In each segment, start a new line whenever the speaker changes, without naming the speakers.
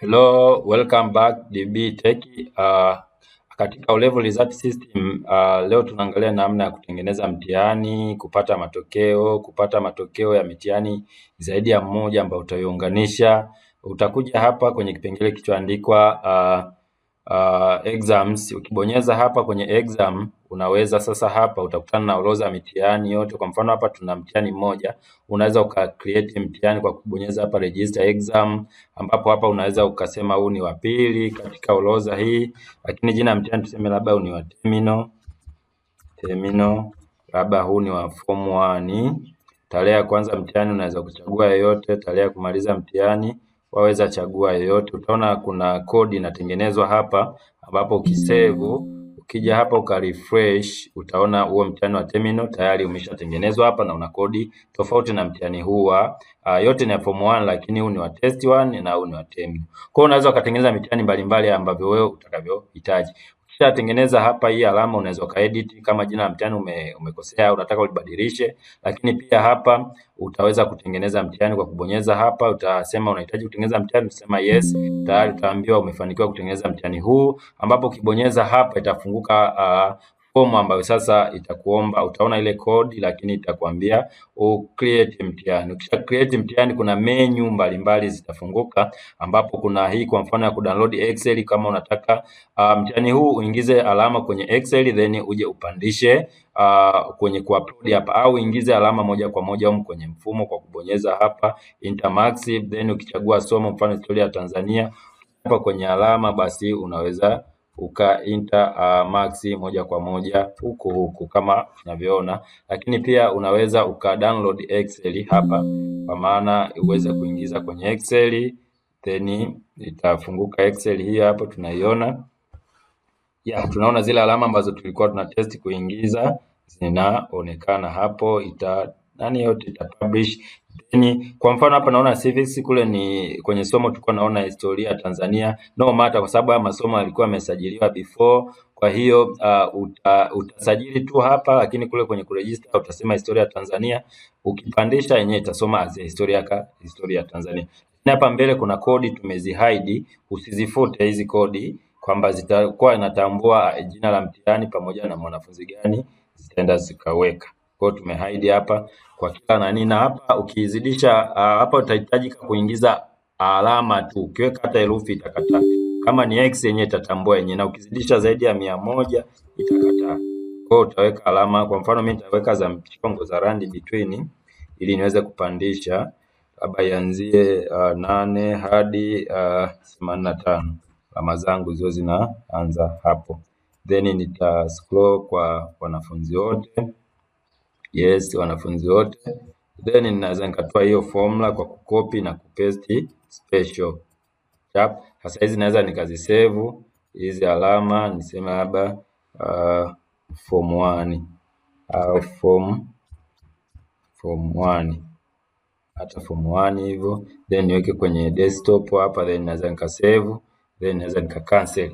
Hello, welcome back DB Tech. Uh, katika O-level result system uh, leo tunaangalia namna ya kutengeneza mtihani, kupata matokeo, kupata matokeo ya mitihani zaidi ya mmoja ambayo utaiunganisha. Utakuja hapa kwenye kipengele kilichoandikwa uh, uh, exams. Ukibonyeza hapa kwenye exam, unaweza sasa, hapa utakutana na orodha ya mitihani yote. Kwa mfano hapa tuna mtihani mmoja, unaweza uka create mtihani kwa kubonyeza hapa register exam, ambapo hapa unaweza ukasema huu ni wa pili katika orodha hii, lakini jina mtihani tuseme labda huu ni wa terminal terminal, labda huu ni wa form 1. Tarehe ya kwanza mtihani unaweza kuchagua yoyote, tarehe ya kumaliza mtihani waweza chagua yoyote. Utaona kuna kodi inatengenezwa hapa ambapo ukisevu, ukija hapa ukarefresh, utaona huo mtihani wa terminal tayari umeshatengenezwa hapa na una kodi tofauti na mtihani huu wa uh, yote ni ya form 1 lakini huu ni wa test 1 na huu ni wa terminal. Kwa hiyo unaweza ukatengeneza mitihani mbalimbali ambavyo wewe utakavyohitaji. Ukishatengeneza hapa hii alama unaweza ukaedit kama jina la mtihani ume, umekosea unataka ulibadilishe, lakini pia hapa utaweza kutengeneza mtihani kwa kubonyeza hapa. Utasema unahitaji kutengeneza mtihani, utasema yes, tayari utaambiwa umefanikiwa kutengeneza mtihani huu, ambapo ukibonyeza hapa itafunguka uh, fomu ambayo sasa itakuomba, utaona ile kodi, lakini itakwambia oh, create mtihani. Ukisha create mtihani, kuna menu mbalimbali zitafunguka, ambapo kuna hii kwa mfano ya kudownload Excel. Kama unataka uh, mtihani huu uingize alama kwenye Excel then uje upandishe uh, kwenye kuupload hapa, au ingize alama moja kwa moja huko kwenye mfumo kwa kubonyeza hapa Intermax, then ukichagua somo, mfano historia ya Tanzania hapa kwenye alama, basi unaweza uka Inter uh, Max moja kwa moja huku huku kama unavyoona, lakini pia unaweza uka download Excel hapa, kwa maana uweze kuingiza kwenye Excel then itafunguka Excel hii hapo tunaiona. Ya, tunaona zile alama ambazo tulikuwa tuna test kuingiza zinaonekana hapo ita nani yote itapublish. publish then. Kwa mfano hapa naona civics, kule ni kwenye somo tulikuwa naona historia ya Tanzania, no matter, kwa sababu haya masomo yalikuwa yamesajiliwa before. Kwa hiyo uh, uta, utasajili tu hapa, lakini kule kwenye kuregister utasema historia ya Tanzania, ukipandisha yenyewe itasoma as historia ka historia ya Tanzania. Na hapa mbele kuna kodi tumezihide, usizifute hizi kodi kwamba zitakuwa inatambua jina la mtihani pamoja na mwanafunzi gani zitaenda zikaweka. Kwa hiyo tumehide hapa kwa kila nani, na hapa ukizidisha uh, hapa utahitajika kuingiza alama tu, ukiweka hata herufi itakata. Kama ni x yenyewe itatambua yenyewe, na ukizidisha zaidi ya mia moja itakata. Kwa hiyo utaweka alama, kwa mfano mimi nitaweka za mchongo za randi between ili niweze kupandisha labda ianzie uh, nane hadi ah, themanini na tano. Alama zangu zio zinaanza hapo, then nita scroll kwa wanafunzi wote yes wanafunzi wote, then ninaweza nikatoa hiyo formula kwa kukopi na kupaste special chap. Sasa hizi naweza nikazisave hizi alama, niseme labda uh, form 1 au uh, form form 1 hata form 1 hivyo, then niweke kwenye desktop hapa, then naweza nikasave then naweza nika cancel.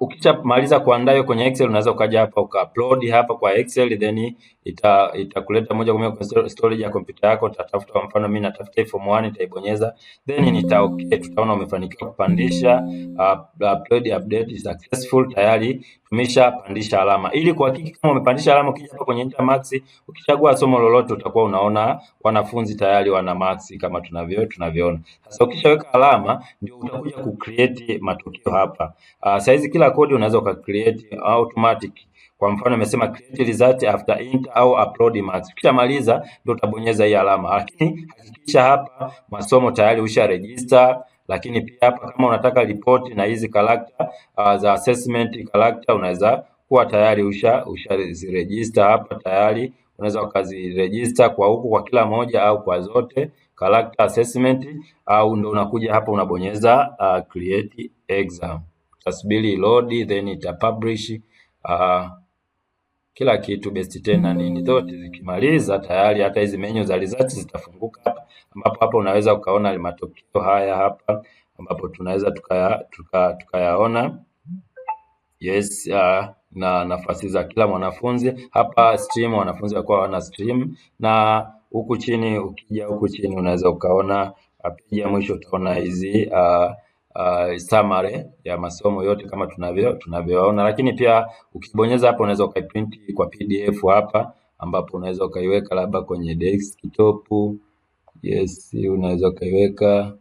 Ukishamaliza kuandaa hiyo kwenye Excel, unaweza ukaja hapa uka upload hapa kwa Excel, then ita itakuleta moja kwa moja kwa storage ya kompyuta yako. Utatafuta kwa mfano, mimi natafuta form 1 nitaibonyeza, then nita okay, tutaona umefanikiwa kupandisha. Uh, upload update successful, tayari umeshapandisha alama. Ili kuhakiki kama umepandisha alama, ukija hapa kwenye nja maksi, ukichagua somo lolote utakuwa unaona wanafunzi tayari wana maksi kama tunavyo tunavyoona. Sasa ukishaweka alama ndio utakuja ku create matokeo hapa. Uh, saizi kila kodi unaweza uka create automatic. Kwa mfano imesema create result after enter au upload marks. Ukishamaliza ndio utabonyeza hii alama, lakini hakikisha hapa masomo tayari usha register lakini pia hapa kama unataka ripoti na hizi character uh, za assessment character unaweza kuwa tayari usha ushaziregister hapa tayari, unaweza ukazirejista kwa huku kwa kila moja au kwa zote character assessment, au ndo unakuja hapa unabonyeza uh, create exam, utasubiri load then ita publish uh, kila kitu best tena nini zote zikimaliza, tayari hata hizi menu za results zitafunguka hapa, ambapo hapa unaweza ukaona matokeo haya hapa, ambapo tunaweza tukayaona tuka, tuka yes uh, na nafasi za kila mwanafunzi hapa stream, wanafunzi wakuwa wana stream, na huku chini ukija huku chini unaweza ukaona ah, pia mwisho utaona hizi uh, uh, summary ya masomo yote kama tunavyo tunavyoona, lakini pia ukibonyeza hapo unaweza ukaiprint kwa PDF hapa, ambapo unaweza ukaiweka labda kwenye desktop. Yes, unaweza ukaiweka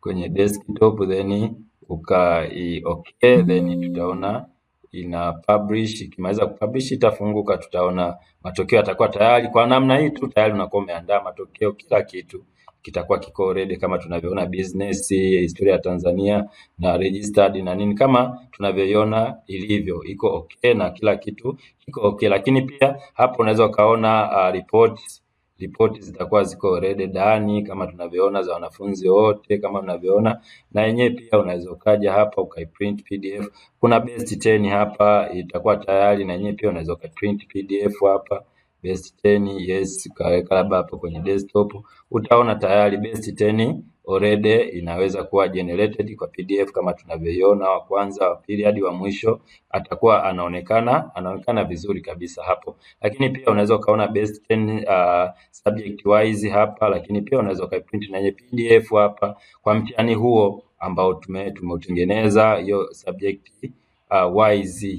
kwenye desktop then ukai okay, then tutaona ina publish. Ikimaliza kupublish itafunguka, tutaona matokeo yatakuwa tayari. Kwa namna hii tu tayari unakuwa umeandaa matokeo, kila kitu kitakuwa kiko ready kama tunavyoona business ya historia ya Tanzania na registered na nini, kama tunavyoiona ilivyo iko okay, na kila kitu iko okay, lakini pia hapo unaweza ukaona uh, reports ripoti zitakuwa ziko ready ndani kama tunavyoona za wanafunzi wote, kama unavyoona na yenyewe pia unaweza ukaja hapa ukaiprint PDF. Kuna best 10 hapa itakuwa tayari, na yenyewe pia unaweza ukaprint PDF hapa best 10 yes, kaweka labda hapo kwenye desktop, utaona tayari best 10 already inaweza kuwa generated kwa PDF kama tunavyoiona, wa kwanza, wa pili hadi wa mwisho atakuwa anaonekana anaonekana vizuri kabisa hapo. Lakini pia unaweza ukaona best 10 uh, subject wise hapa, lakini pia unaweza ukaprint na PDF hapa kwa mtihani huo ambao tume tumeutengeneza hiyo subject uh, wise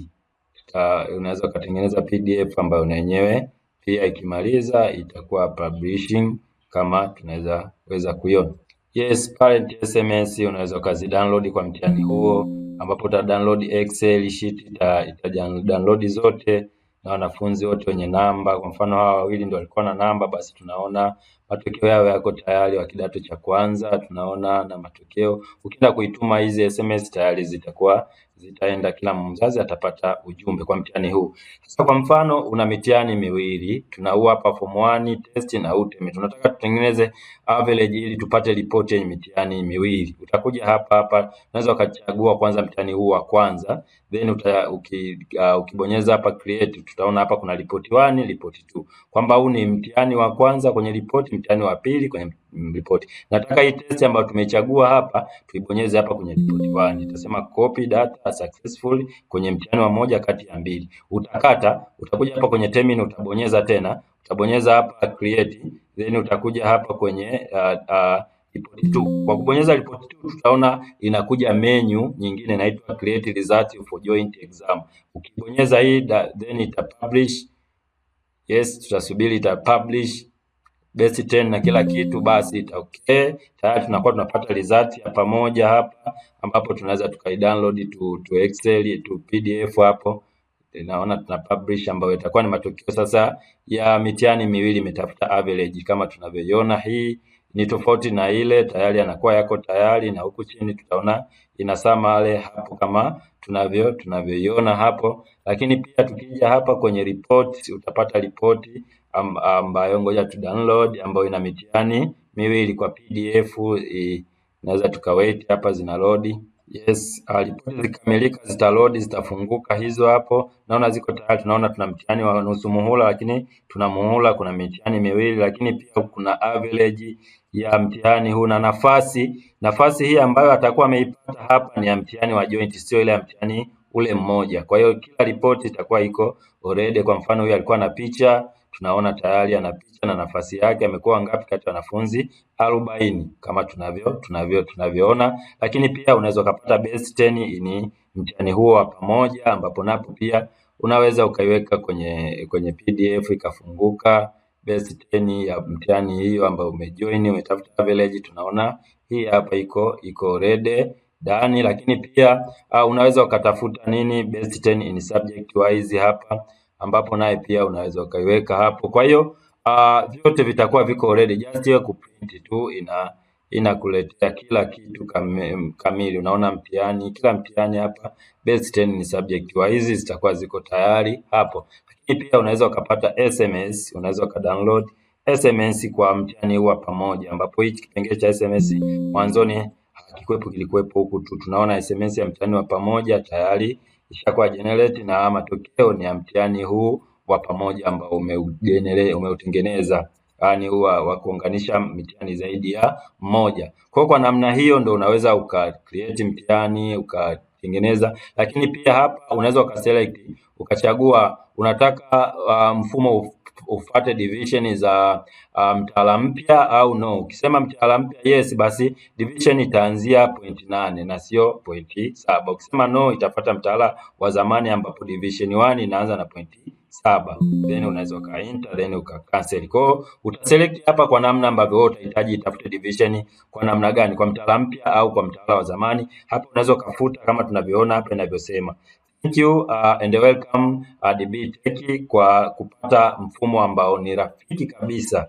uh, unaweza ukatengeneza PDF ambayo na yenyewe pia ikimaliza itakuwa publishing kama tunaweza kuiona. Yes, Parent SMS unaweza download kwa mtihani huo ambapo uta download excel sheet ita, ita download zote na wanafunzi wote wenye namba. Kwa mfano hawa wawili ndio walikuwa na namba, basi tunaona matokeo yao yako tayari, wa kidato cha kwanza tunaona na matokeo. Ukienda kuituma hizi SMS tayari zitakuwa zitaenda, kila mzazi atapata ujumbe kwa mtihani huu. Sasa kwa mfano, una mitihani miwili, tunaua hapa form 1 test na UTEME. Tunataka tutengeneze average ili tupate ripoti yenye mitihani miwili. Utakuja hapa hapa, unaweza ukachagua kwanza mtihani huu wa kwanza, then uta, uki, uh, ukibonyeza hapa create, tutaona hapa kuna ripoti 1, ripoti 2, kwamba huu ni mtihani wa kwanza kwenye ripoti, mtihani wa pili kwenye mtihani Mm, report. Nataka hii test ambayo tumechagua hapa tuibonyeze hapa kwenye report one. Itasema copy data successfully kwenye mtihani wa moja kati ya mbili. Utakata, utakuja hapa kwenye terminal utabonyeza tena, utabonyeza hapa create, then utakuja hapa kwenye uh, uh, report two. Kwa kubonyeza report two tutaona inakuja menu nyingine inaitwa create result for joint exam. Ukibonyeza hii then ita publish. Yes, tutasubiri ita publish base 10 na kila kitu, basi ita okay. Tayari tunakuwa tunapata result ya pamoja hapa, ambapo tunaweza tukai download tu, tu Excel tu PDF hapo naona tuna publish ambayo itakuwa ni matokeo sasa ya mitihani miwili imetafuta average kama tunavyoiona. Hii ni tofauti na ile tayari anakuwa yako tayari, na huku chini tutaona inasama summary hapo kama tunavyo tunavyoiona hapo. Lakini pia tukija hapa kwenye report, utapata report ambayo ngoja tu download ambayo ina mitihani miwili kwa PDF, inaweza tukawait hapa zina load. Yes, ripoti zikamilika, zita load, zitafunguka hizo hapo. Naona ziko tayari. Tunaona tuna mtihani wa nusu muhula, lakini tuna muhula, kuna mitihani miwili, lakini pia kuna average ya mtihani huu na nafasi. Nafasi hii ambayo atakuwa ameipata hapa ni ya mtihani wa joint, sio ile ya mtihani ule mmoja. Kwa hiyo kila ripoti itakuwa iko already. Kwa mfano, huyu alikuwa na picha tunaona tayari ana picha na nafasi yake amekuwa ngapi kati ya wanafunzi arobaini kama tunavyo tunavyo tunavyoona, lakini pia unaweza ukapata best 10 ni mtihani huo wa pamoja, ambapo napo pia unaweza ukaiweka kwenye kwenye PDF ikafunguka best 10 ya mtihani hiyo ambayo umejoin, umetafuta average, tunaona hii hapa iko iko rede dani. lakini pia uh, unaweza ukatafuta nini best 10 in subject wise hapa ambapo naye pia unaweza ukaiweka hapo. Kwa hiyo uh, vyote vitakuwa viko already, just ya kuprint tu ina inakuletea kila kitu kam, kamili. Unaona mtihani, kila mtihani hapa best 10 ni subject wa hizi zitakuwa ziko tayari hapo, lakini pia unaweza ukapata SMS, unaweza ukadownload SMS kwa mtihani huu pamoja, ambapo hichi kipengele cha SMS mwanzoni hakikuwepo, kilikuwepo huku tu. Tunaona SMS ya mtihani wa pamoja tayari kwa generate na matokeo ni ya mtihani huu wa pamoja ambao umeutengeneza yaani huwa wa kuunganisha mitihani zaidi ya mmoja. Kwa kwa namna hiyo ndo unaweza uka create mtihani ukatengeneza, lakini pia hapa unaweza ukaselect ukachagua unataka uh, mfumo ufate division za ah, mtaala mpya au no. Ukisema mtaala mpya yes, basi division itaanzia point nane na sio point saba. Ukisema no, itafata mtaala wa zamani ambapo division 1 inaanza na point saba then unaweza uka enter then uka cancel. Kwa hiyo utaselect hapa kwa namna ambavyo wewe utahitaji itafute division kwa namna gani, kwa mtaala mpya au kwa mtaala wa zamani. Hapa unaweza ukafuta kama tunavyoona hapa inavyosema. Thank you uh, and welcome uh, DB Tech kwa kupata mfumo ambao ni rafiki kabisa